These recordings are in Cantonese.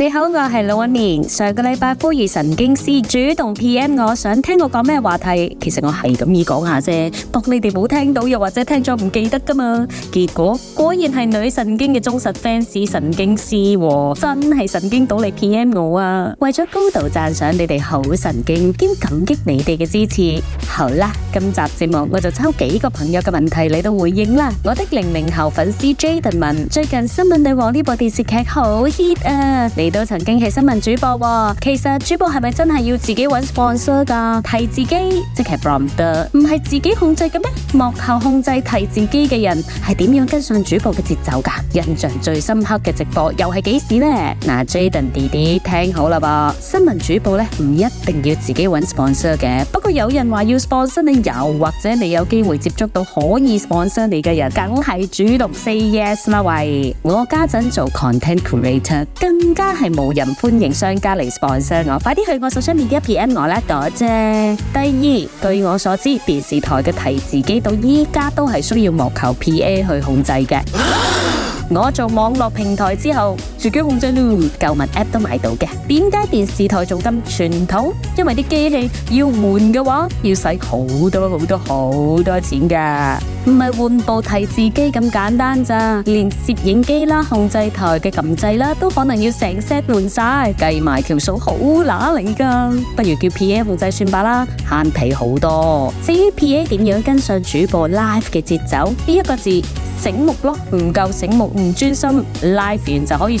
你好，我係老阿蓮。上個禮拜，富兒神經師主動 P M 我，想聽我講咩話題。其實我係咁意講下啫，博你哋冇聽到，又或者聽咗唔記得噶嘛。結果果然係女神經嘅忠實 fans，神經師真係神經到你 P M 我啊！為咗高度讚賞你哋好神經，兼感激你哋嘅支持。好啦，今集節目我就抽幾個朋友嘅問題嚟到回應啦。我的零零後粉絲 Jaden 問：最近《新聞女王》呢部電視劇好 hit 啊？你亦都曾經係新聞主播，哦，其實主播係咪真係要自己揾 sponsor 㗎？提字機即係 prompter 唔係自己控制嘅咩？幕後控制提字機嘅人係點樣跟上主播嘅節奏㗎？印象最深刻嘅直播又係幾時呢？嗱，Jaden 弟弟聽好啦噃，新聞主播咧，唔一定要自己揾 sponsor 嘅，不過有人話要 sponsor 你又或者你有機會接觸到可以 sponsor 你嘅人，梗係主動 say yes 啦喂！我家陣做 content creator 更加。係無人歡迎商家嚟 sponsor 我，快啲去我手上面啲 PM 我叻到啫。第二，據我所知，電視台嘅提字機到依家都係需要幕後 PA 去控制嘅、啊。我做網絡平台之後。自己控制咯，購物 APP 都買到嘅。點解電視台仲咁傳統？因為啲機器要換嘅話，要使好多好多好多錢㗎。唔係換部提字機咁簡單咋，連攝影機啦、控制台嘅撳掣啦，都可能要成 set 換曬，計埋條數好乸零㗎。不如叫 PA 控制算吧啦，慳皮好多。至於 PA 點樣跟上主播 live 嘅節奏？呢一個字，醒目咯。唔夠醒目，唔專心，live 完就可以。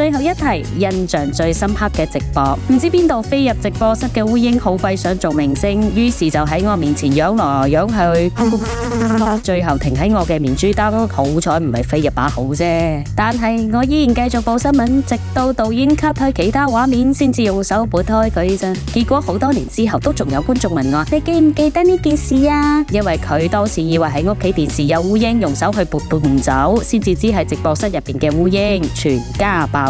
最後一題，印象最深刻嘅直播，唔知邊度飛入直播室嘅烏蠅，好鬼想做明星，於是就喺我面前仰來仰去，最後停喺我嘅面珠墩，好彩唔係飛入把口啫。但係我依然繼續報新聞，直到導演 cut 去其他畫面，先至用手撥開佢咋。結果好多年之後都仲有觀眾問我，你記唔記得呢件事啊？因為佢當時以為喺屋企電視有烏蠅，用手去撥撥唔走，先至知係直播室入邊嘅烏蠅，全家爆。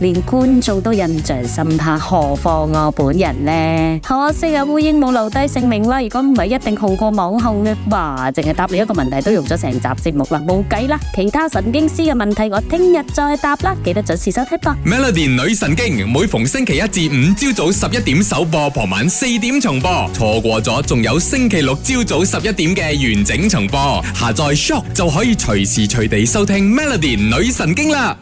連觀眾都印象深刻，何況我本人呢？可惜啊，烏蠅冇留低姓名啦。如果唔係，一定好過網紅嘅話，淨係答你一個問題都用咗成集節目啦，冇計啦。其他神經師嘅問題我聽日再答啦，記得準時收聽噃。Melody 女神經每逢星期一至五朝早十一點首播，傍晚四點重播，錯過咗仲有星期六朝早十一點嘅完整重播。下載 Shock 就可以隨時隨地收聽 Melody 女神經啦。